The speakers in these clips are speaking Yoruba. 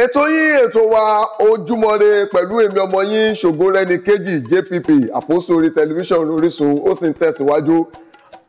ètò yín ètò wa ojúmọ́re pẹ̀lú èmi ọmọ yín ṣògòrẹ́ni kejì jpp àpòsò orí tẹlifíṣàn orísun ó sì ń tẹ̀síwájú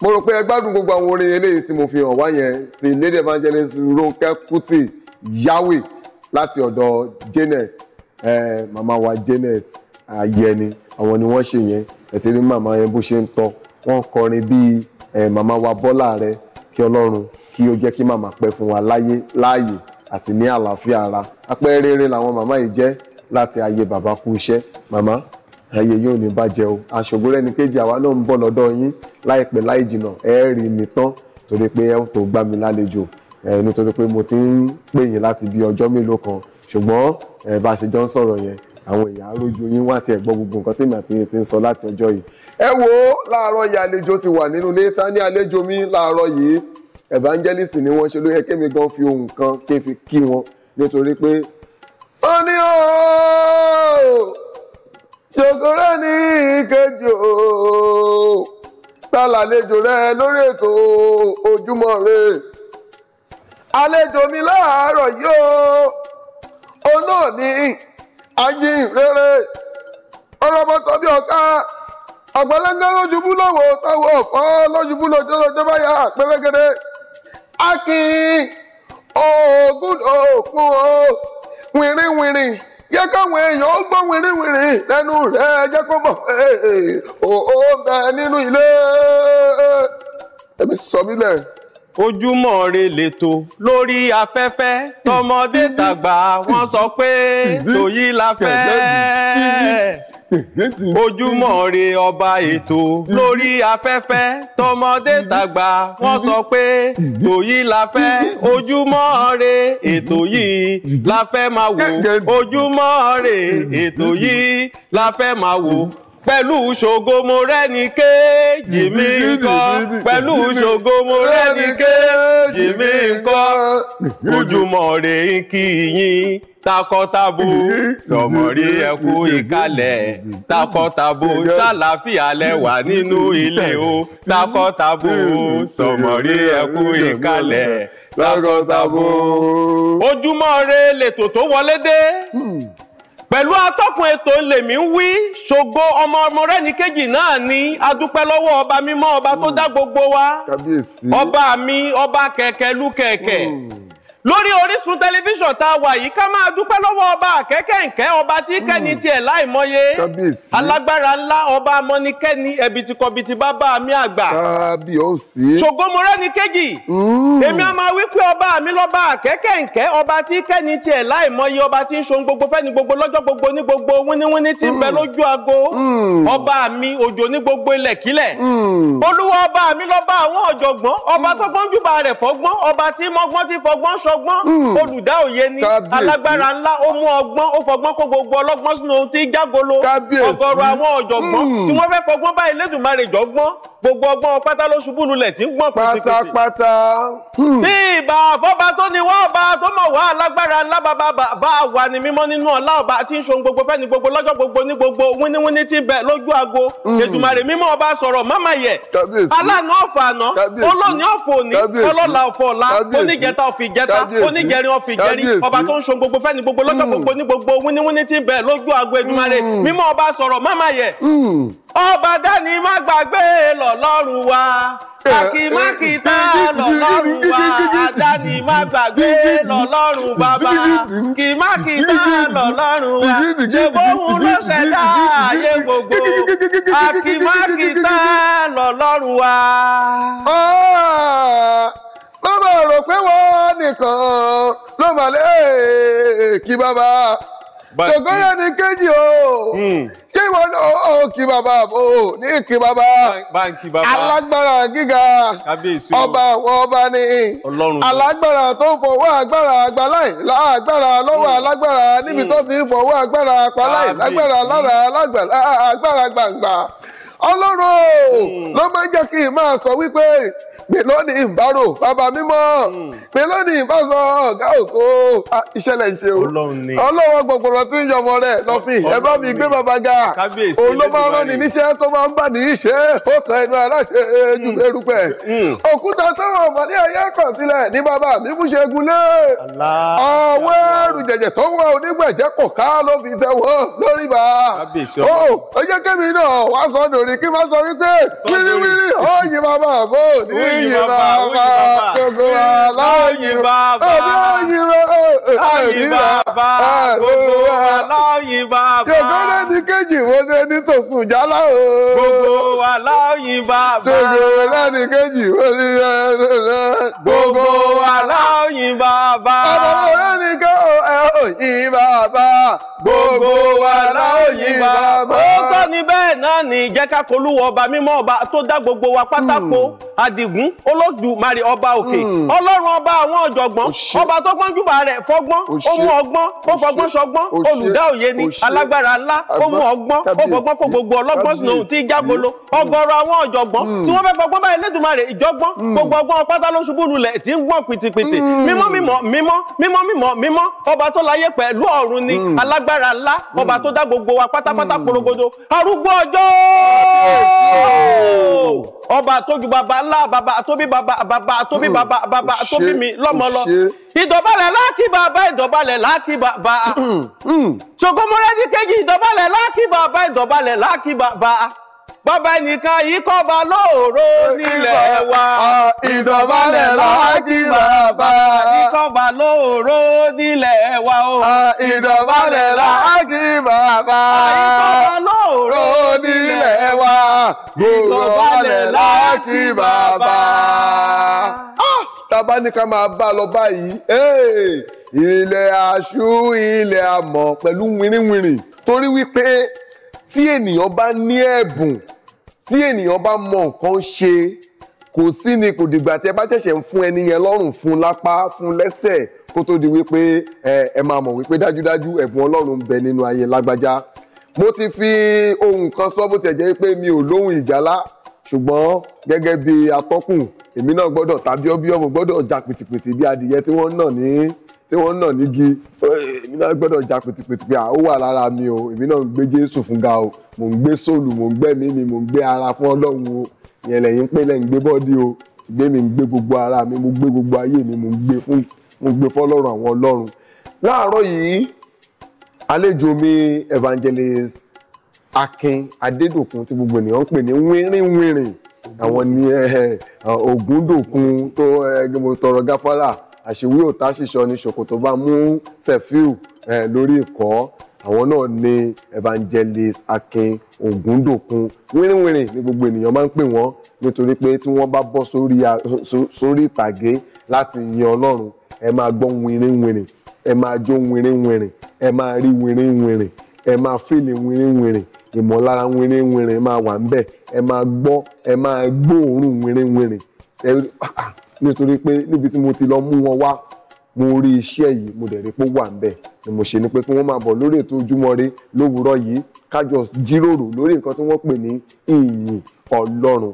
mo rò pé ẹ gbádùn gbogbo àwọn orin eléyìí tí mo fi hàn wá yẹn ti lady evangelist ronke kuti yahweh láti ọ̀dọ̀ janet eh, màmá wa janet ayẹni àwọn ni wọ́n ṣe yẹn ẹ ti rí màmá yẹn bó ṣe ń tọ́ wọ́n kọrin bíi eh, màmá wa bọ́lá rẹ kí ọlọ́run kí ó jẹ́ kí màmá pẹ́ fún wa láyé láàyè àti ní àlàáfíà ara apẹ́ rere làwọn màmá yìí jẹ́ láti ayé bàbá kú iṣẹ́ màmá ayé yóò ní bàjẹ́ o aṣògo rẹ̀ ní kejì àwa náà ń bọ̀ lọ́dọ̀ yín láìpẹ́ láì jìnà ẹ rí mi tán torí pé ẹ tó gbá mi lálejò ẹ nítorí pé mo ti ń pè yín láti bí ọjọ́ mélòó kan ṣùgbọ́n ẹ bá ṣe jọ ń sọ̀rọ̀ yẹn àwọn èèyàn arójú yín wá tiẹ̀ gbọ́ gbogbo nǹkan tèmi àti yín ti ń sọ láti ọjọ́ yìí ẹ wo láàárọ̀ yìí àlejò ti wà nínú ilé ta àlejò mi láàárọ̀ yìí evangelist ni wọ́n ṣe ló yẹ kémi gan fi ohun kan kí n fi kí wọn nítorí pé ó ní ooo ṣòkòrò ní ìkejì ooo ta làlejò rẹ lórí ètò ojúmọ́ rẹ àlejò mi láàárọ̀ yìí o òun náà ní ajínrere ọlọ́mọtọ́ bí ọ̀ká àgbàlẹ́ńgá lójúbú lọ́wọ́ táwọn ọ̀fọ́ lójúbú lọ́jọ́ lọ́jọ́ báyà pẹ́rẹ́gẹ́dẹ́ akin oògùn òkun o wìrìwìrì jẹ́ káwọn èèyàn ó gbọ́ wìrìwìrì lẹ́nu rẹ̀ jẹ́ kó mọ̀ ó ń bẹ nínú ilé ẹ̀mí sọ mí lẹ̀. ojúmọ́ re lètò lórí afẹ́fẹ́ tọmọdé tàgbà wọ́n sọ pé tòyí la fẹ́ ojúmọ́ re ọba ètò lórí afẹ́fẹ́ tọmọdé tàgbà wọ́n sọ pé tòyí la fẹ́ ojúmọ́ re ètò yìí la fẹ́ máa wò ojúmọ́ re ètò yìí la fẹ́ máa wò pẹ̀lú ṣògo mo rẹ́ni kéèjì mi nǹkan pẹ̀lú ṣògo mo rẹ́ni kéèjì mi nǹkan ojúmọ́ rè ń kí yín takọtabo sọmọrí ẹkú ìkàlẹ̀ takọtabo ṣàlàáfíà lẹwà nínú ilé o takọtabo sọmọrí ẹkú ìkàlẹ̀ takọtabo. ojúmọ́ rè lètò tó wọlé dé pẹ̀lú atọ́kùn ètò lèmi ń wí ṣògo ọmọ ọmọ rẹ́ni kejì náà ni adúpẹ́ lọ́wọ́ ọba mímọ́ ọba tó dá gbogbo wa ọba mi ọba kẹ̀kẹ́ lú kẹ̀kẹ́. Hmm lórí orísun tẹlifíṣàn tá a wà yìí ká máa dúpẹ́ lọ́wọ́ ọba àkẹ́kẹ́ǹkẹ́ ọba tí kẹ́ni hmm. tiẹ̀ láìmọye alágbára ńlá ọba amọ́nikẹ́ni ẹ̀bìtìkọ̀bìtì bàbá mi àgbà ṣògomorẹ́ni kejì hmm. èmi a máa wí pé ọba mi lọ́ba àkẹ́kẹ́ǹkẹ́ ọba tí kẹ́ni tiẹ̀ láìmọye ọba tí ń ṣohun gbogbo fẹ́ni gbogbo lọ́jọ́ gbogbo ní gbogbo wíníwíní tí ń bẹ hmm. lójú ago ọba mi òjò ní gbogbo ilẹ̀kílẹ̀ olúwa ọba mi lọ́ba àwọn ọ̀jọ̀gbọ́n ọba tó gbọ́njúbà ọlọ́gbọ́n hmm. olùdá òye ni alágbára ńlá ó mú ọgbọ́n ó fọgbọ́n kó gbogbo ọlọ́gbọ́n sínú ohun tí jágolo ọ̀gọ̀rọ̀ àwọn ọ̀jọ̀gbọ́n hmm. tí wọ́n fẹ́ fọgbọ́n báyìí lẹ́dùnmarè jọgbọ́n gbogbo ọgbọ́n pátá ló ṣubú lulẹ̀ tí ń gbọ́n pátápátá. Hmm. bí ìbà àfọ́bá tó ni wọ́n ọba tó mọ̀ wá alágbára ńlá bàbá bàbá wà ní mímọ́ nínú ọlá ọba tí ń ṣohun gbogbo fẹ́ni gbogbo lọ́jọ́ gbogbo ní gbogbo wíníwíní tí ń lójú aago. ètùmàrè mímọ́ ọba sọ̀rọ̀ máma yẹ. aláàánú ọ̀fọ̀ àná olóòní ọ̀fọ̀ òní ọlọ́lá ọ̀fọ̀ ọ̀la onígẹta ọ̀fìgẹta oníjẹrin ọ̀fìn jẹrin ọba tó ń ṣo gbogbo fẹ́ni gbogbo lọ́jọ́ gbogbo ní gbogbo wíníwíní tí ń bẹ lójú àgọ́ Èdùmàrè mímọ́ ọba sọ̀rọ̀ máma yẹ ọba dání má gbàgbé lọ́lọ́run wa akimáki tá a lọ́lọ́run wa àdáni má gbàgbé lọ́lọ́run bàbá kìmáki tá a lọ́lọ́run wa ṣèbóhun ló ṣẹ̀dá ayé gbogbo kí bàbá tògọ́rọ̀ ní kejì o hmm. ṣé ìwọ náà ó kí bàbá o ní kí bàbá alágbára gíga ọba àwọn ọba ni alágbára tó fọwọ́ agbára agbaláì lágbára lọ́wọ́ hmm. alágbára níbi hmm. tó fi fọwọ́ agbára apaláì lágbára lára alágbára agbára gbàngbà ọlọ́run ló máa ń jẹ́ kí n máa sọ wípé pè lónìí ìbárò bàbá mímọ́ hmm. pè lónìí ìbásọ ọ̀gá òkú ìṣẹ̀lẹ̀ ah, ìṣe o ọlọ́wọ́ gbọ̀gbọ̀rọ̀ tí ń yọmọ rẹ̀ lọ́fìn ẹ bá mi gbé bàbá ga òun ló máa rán ni níṣẹ́ tó máa ń bà ní ìṣe ó kan inú aláṣẹ ju hmm. erùpẹ̀ hmm. òkúta táwọn ọmọ ní ayé kàn sílẹ̀ ní bàbá mi mú ṣe gunlé àwọn ẹrù jẹ̀jẹ̀ tó wọ onígbẹ̀jẹ̀ kò ká ló fi tẹ̀wọ́ lórí bá oh, ó jẹ́ kémi náà wá sọ́dọ̀ rí kí má sọ wípé wíríwírí ó yí bàbá àbò ní yìn bàbá gbogbo wa láyìn bàbá láyìn bàbá gbogbo wa láyìn bàbá. yòókó lé ní kejì wo lé ní o. gbogbo wa láyìn bàbá. ṣòṣòro lé wo lé ní. gbogbo wa láyìn bàbá. àbáwọ̀ ó yìn bàbá. gbogbo wa la ó yìn bàbá. ó tọ́ ni bẹ́ẹ̀ náà ní jẹ́ ká polúwọ ọba mímọ́ ọba tó dá gbogbo wa pátákó hmm. àdìgún olódùmarè ọba òkè hmm. ọlọ́run ọba àwọn ọ̀jọ̀gbọ́n ọba tó pọ́n júbà rẹ̀ fọ́gbọ́n ó mú ọgbọ́n ó fọgbọ́n sọgbọ́n olùdá òye ni alágbára ńlá ó mú ọgbọ́n ó fọgbọ́n fún gbogbo ọlọ́gbọ́n sínú ohun tí jágolo hmm. ọ̀gọ̀rọ̀ àwọn ọ̀jọ̀gbọ́n tí wọ́n fẹ́ fọgbọ́n báyìí lẹ́dùnmarè ìjọgbọ́n gbogbo ọgbọ́n pátá ló láyé pẹ̀lú ọ̀run ni hmm. alágbára ńlá ọba hmm. tó dá gbogbo wa pátápátá hmm. porogodo arúgbó ọjọ́ ọba àtọ́jú baba ńlá baba àtọ́bí baba baba àtọ́bí baba baba àtọ́bí mi lọ́mọ lọ ìdọ̀bálẹ̀ láàkì bàbá ìdọ̀bálẹ̀ láàkì bàbá ṣògbọ́n mọ́rẹ́dí kejì ìdọ̀bálẹ̀ láàkì bàbá ìdọ̀bálẹ̀ láàkì bàbá bọ́ba nìkan yìí kọ́ba lóòró nílẹ̀ wa. ìdọ̀bálẹ̀ láàkì bàbá. ìkọ́ba lóòró nílẹ̀ wa o. ìdọ̀bálẹ̀ láàkì bàbá. ìkọ́ba lóòró nílẹ̀ wa. ìdọ̀bálẹ̀ láàkì bàbá. tábà ní ká máa bá lọ báyìí ilẹ̀ àṣù ilẹ̀ àmọ̀ pẹ̀lú wìrìwìrì torí wípé tí ènìyàn bá ní ẹ̀bùn tí ènìyàn bá mọ nǹkan ṣe kò sí ni kò dìgbà tí ẹ bá ṣẹ̀ṣẹ̀ ń fún ẹni yẹn lọ́rùn fún lápá fún lẹ́sẹ̀ kó tó di wípé ẹ máa mọ̀ wípé dájúdájú ẹ̀bùn ọlọ́run ń bẹ nínú ayé lágbájá mo ti fi ohun kan sọ bó tẹ̀ jẹ́ pé mi ò lóhùn ìjálá ṣùgbọ́n gẹ́gẹ́ bí atọ́kùn èmi náà gbọ́dọ̀ tàbí ọbí ọmọ gbọ́dọ̀ jà pìtìpìtì bí adìyẹ tí wọ́n ń nà ní tí wọ́n nà nígi èmi náà gbọ́dọ̀ ja pìtìpìtì pé ó wà lára mi o èmi náà ń gbé Jésù fún ga o mò ń gbé sóòlù mò ń gbé mi mi mò ń gbé ara fún Ọlọ́run o ìyẹn lẹ́yìn pé lẹ́yìn gbé bọ́dí o gbé mi ń gbé gbogbo ara mi mo gbé gbogbo ayé mi mo gbé fún mo gbé fọ́lọ́run àwọn Ọlọ́run. láàárọ̀ yìí àlejò mi evangelist Akin Adédòkun tí gbogbo ènìyàn ń pè ní wínrínwínrin àwọn ní Ògúndòkun tó mo tọrọ gáfárà àṣewí òtá ṣìṣọ ní ṣòkòtò bá mú sefiu eh, lórí ikọ̀ àwọn náà ni evangelist akin ògúndòkun wínrínwínrín ni gbogbo ènìyàn máa ń pè wọ́n nítorí pé tí wọ́n bá bọ́ sórí ìtàgé láti yin ọlọ́run ẹ máa gbọ́ wínrínwínrín ẹ máa jó wínrínwínrín ẹ máa rí wínrínwínrín ẹ máa fìlì wínrínwínrín ìmọ̀lára wínrínwínrín máa wà ń bẹ̀ ẹ máa gbọ́ ẹ máa gbóòórùn wínrínwínrín nítorí pé níbi tí mo ti lọ mú wọn wá mo rí iṣẹ́ yìí mo dẹ̀ pé wà ńbẹ̀ ni mo ṣe ni pé kí wọ́n máa bọ̀ lórí ètò ojúmọ́ re lówùúrọ̀ yìí kájọ jíròrò lórí nǹkan tí wọ́n pè ní ìyìn ọlọ́run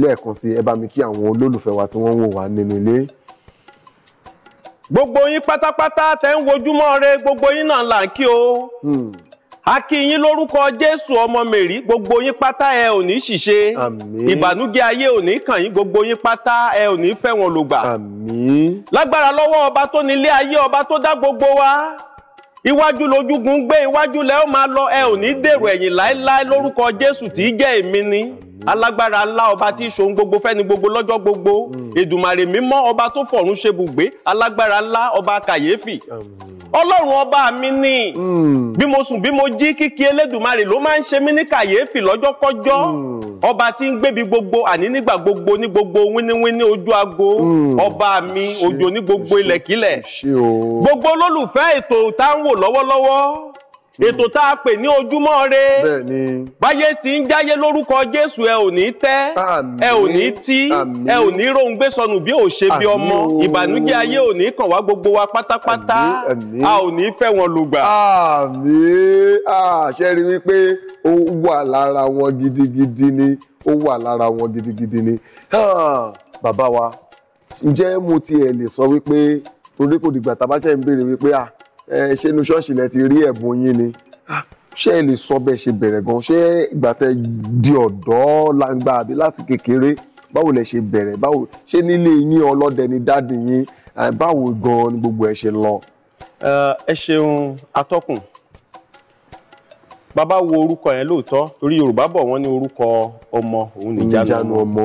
lẹ́ẹ̀kan sí ẹ bá mi kí àwọn olólùfẹ́ wa tí wọ́n wò wá nínú ilé. gbogbo yín pátápátá tẹ́ ń wojúmọ́ re gbogbo yín náà là ń kí o. Hmm a kí yín lórúkọ jésù ọmọ mèrì gbogbo yín pátá ẹ ò ní ṣìṣe ìbànújẹ́ ayé ò ní kàn yín gbogbo yín pátá ẹ ò ní fẹ́ wọn lògbà lágbára lọ́wọ́ ọba tó nílé ayé ọba tó dá gbogbo wa iwájú lójúgun gbé iwájú lẹ ó máa lọ ẹ ò ní dèrò ẹ̀yìn láéláé lórúkọ jésù tí í jẹ́ èmi ni. Amen alágbára ńlá ọba tí í ṣòun gbogbo fẹ́ni gbogbo lọ́jọ́ gbogbo mm. èdùmàrè mímọ́ ọba tó fọ̀run ṣe bùgbé alágbára ńlá ọba kàyéfì ọlọ́run ọba mi ni mm. bí mo sùn bí mo jí kíkí elédùmarè ló máa ń ṣe mí ní kàyéfì lọ́jọ́kọ́jọ́ mm. ọba tí ń gbébi gbogbo àní nígbà gbogbo ní gbogbo wíníwíní ojú ago ọba mi òjò ní gbogbo ilẹ̀kílẹ̀ gbogbo olólùfẹ́ ètò tá wò lọ́wọ́lọ́wọ́ Hmm. ètò tá a pè ní ojúmọ́ re báyé tí ń jáyé lórúkọ jésù ẹ ò ní tẹ́ ẹ ò ní tí ẹ ò ní rohun gbé sọnù bí ò ṣe bí ọmọ ìbànújẹ́ ayé ò ní kàn wá gbogbo wa pátápátá a ò ní fẹ́ wọn lùgbà. àmín àṣẹ rí wípé ó wà lára wọn gidigidi ni ó wà lára wọn gidigidi ni bàbá wa ǹjẹ́ mo tiẹ̀ lè sọ wípé torí kò dìgbà tá a bá ṣe ń béèrè wípé ah ṣe inú ṣọ́ọ̀ṣì lẹ ti rí ẹ̀bùn yín ni ṣé ẹ lè sọ bẹ́ẹ̀ ṣe bẹ̀rẹ̀ gan ṣé ìgbà tẹ́ di ọ̀dọ́ langba àbí láti kékeré báwo lẹ ṣe bẹ̀rẹ̀ báwo ṣé nílé yín ọlọ́dẹ ni dáàdì yín báwo gan ni gbogbo ẹ ṣe lọ. ẹ ṣeun atọ́kùn bàbá wo orúkọ yẹn lóòótọ́ torí Yorùbá bọ̀ wọ́n ní orúkọ ọmọ òun níjánu ọmọ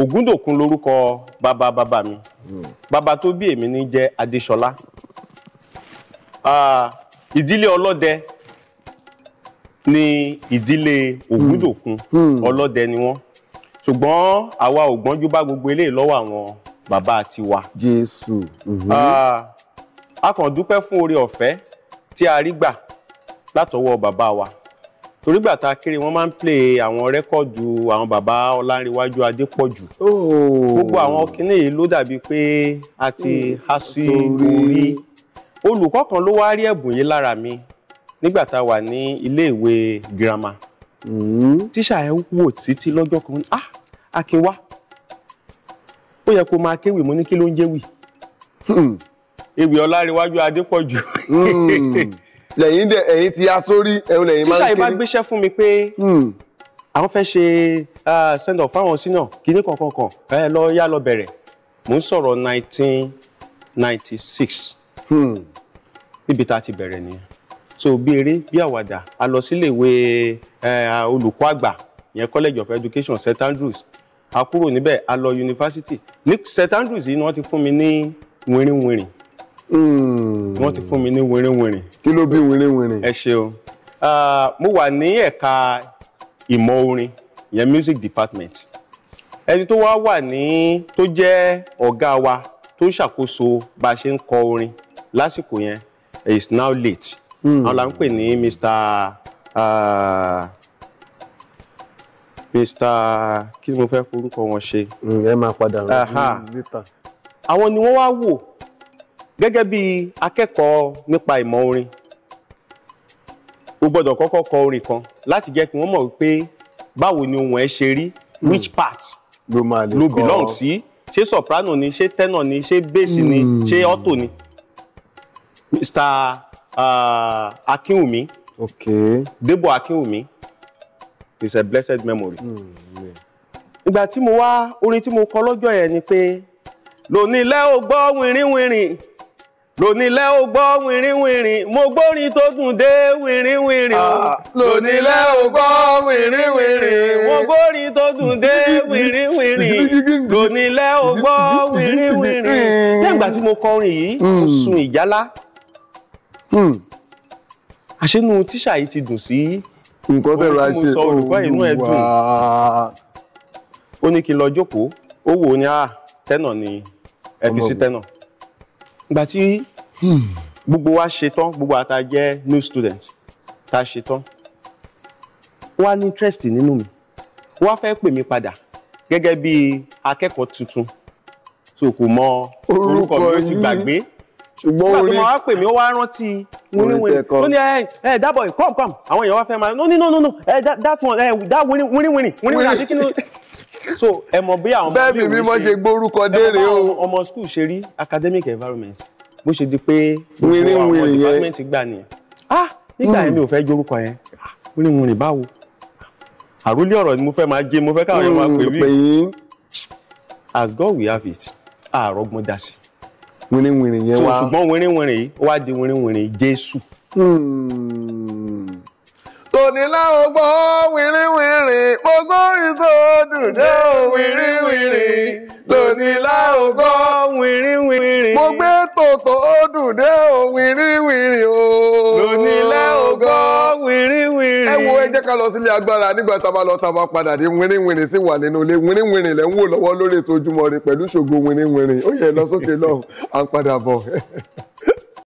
Ògúndòkun lórúkọ bàbá bàbá mi hmm. bàbá tó bí èmi ní jẹ́ Adéṣọlá ìdílé ọlọ́dẹ ni ìdílé ògúndòkun hmm. Hmm. ọlọ́dẹ ni wọ́n ṣùgbọ́n àwa ò gbọ́njú bá gbogbo eléyìí lọ́wọ́ àwọn bàbá tiwa. jésù. Mhm. a kàn dúpẹ́ fún oore ọ̀fẹ́ tí a rí gbà látọwọ́ bàbá wa torí gbà tá a kéré wọ́n máa ń play àwọn rẹ́kọ̀dù àwọn bàbá ọlárìnwájú adépọ̀jù oh. gbogbo àwọn kinní yìí ló dàbí pé a ti hmm. há sí orí olùkọ́ kan ló wá rí ẹ̀bùn yìí lára mi nígbà tá a wà ní iléèwé girama mm-hmm. tíṣà ẹ wò títí lọ́jọ́ kan ah Akínwá ó yẹ kó máa kéwì mo ní kí ló ń jẹ́wì hmm. ewì Ọláréwájú Adépọ̀jù hmm. lẹ́yìn dẹ ẹ̀yin ti yá sórí ẹ̀hún lẹ́yìn máa ń kéré. tíṣà yìí bá gbéṣẹ́ fún mi pé hmm. àwọn fẹ́ ṣe send off fáwọn sínà kínní kankan kan ẹ lọ yá lọ bẹ̀rẹ̀ mò ń sọ̀rọ̀ nineteen ninety six. Hmm. níbi tá a ti bẹ̀rẹ̀ nìyẹn so bí eré bí àwàdà a lọ sílé ìwé olùkọ́ àgbà ìyẹn college of education st andrews a kúrò níbẹ̀ a lọ yunifásitì ní st andrews yìí ni wọ́n ti fún mi ní wìrìwìrìn hmm. wọ́n ti fún mi ní wìrìwìrìn. kí ló bí wìrìwìrìn. ẹ ṣeun ah, mo wà ní ẹ̀ka ìmọ̀ orin ìyẹn music department ẹni tó wá wà ní tó jẹ́ ọ̀gá wa tó ń ṣàkóso bá a ṣe ń kọ orin lásìkò yẹn is now late hmm. àwọn là ń pè ní mr uh, mr kí ni mo fẹ́ forúkọ wọn ṣe. Hmm, ẹ máa padà rẹ níta. Hmm, àwọn ni wọ́n wá wò gẹ́gẹ́ bí akẹ́kọ̀ọ́ nípa ìmọ̀ orin o gbọ́dọ̀ kọ́kọ́ kọ orin kan láti jẹ́ kí wọ́n mọ̀ pé báwo ni ohun ẹ̀ ṣe rí which part ló belong sí ṣé soprano ni ṣé tenor ni ṣé bass ni ṣé alto ni. Mr. Uh, Akinwumi. Okay. Debo Akinwumi is a blessed memory. Hmm, ìgbà tí mo wá orin tí mo kọ lọ́jọ́ yẹn ni pé lónílẹ̀ ò gbọ́ wìrìwìrì lónílẹ̀ ò gbọ́ wìrìwìrì mo gbórin tó dùn dé wìrìwìrì ah, lónílẹ̀ ò gbọ́ wìrìwìrì mo gbórin tó dùn dé wìrìwìrì lónílẹ̀ ò gbọ́ wìrìwìrì. Lẹ́yìn ìgbà tí mo kọrin yìí mo hmm. sun ìjálá. Hmm. àṣẹnu tíṣà yìí ti dùn sí nǹkan tẹ̀rọ àṣẹ olùkọ́ inú ẹ̀ dùn ó ní kí n lọ jókòó ó wò ó ní à ah, tẹ́nà ni ẹ fi sí tẹ́nà ìgbà tí hmm. gbogbo wa ṣe tán gbogbo àtà jẹ́ new student tá a ṣe tán wá ní interest nínú mi wá fẹ́ pè mí padà gẹ́gẹ́ bí akẹ́kọ̀ọ́ tuntun tó kò mọ orúkọ mi ó ti gbàgbé ṣùgbọ́n orí nígbà tó máa pè mí ó wá rántí wíníwíní ó ní ẹ ẹ that boy come come àwọn èèyàn wá fẹ́ máa no no no no ẹ that one ẹ that wíníwíní wíníwíní àti kíni so ẹ mọ bí àwọn ọmọ bíi mímọ ṣe gbórúkọ déèrè o ọmọ school ṣe rí academic environment bó ṣe di pé wíníwíní yẹn department gbà ni ah nígbà yẹn mi ò fẹ́ jórúkọ yẹn ah, wíníwíní báwo àròlé ọ̀rọ̀ ni mo fẹ́ máa gé mo fẹ́ káwọn yẹn máa pè mí as God will have it àrọ́gbọ́n dá sí i wìrìwìrì yẹn wá. ṣùgbọ́n wìrìwìrì yìí ó wá di wìrìwìrì Jésù. tònílá ògbọ́n wìrìwìrì gbogbo ìtòdùn dé òwìrìwìrì tòní láògọ́ wìrìwìrì. mo gbé tòtò ó dùn dé o wìrìwìrì o. lóní láògọ́ wìrìwìrì. ẹ wo ẹ jẹ́ ká lọ sílé agbára nígbà tá a bá lọ tá a bá padà dé wìrìwìrì sí wà nínú ilé wìrìwìrì lẹ́ ń wò lọ́wọ́ lórí ètò Ojúmọ́ Ire pẹ̀lú ṣògo wìrìwìrì ó yẹ lọ sókè lọ́hùn à ń padà bọ̀.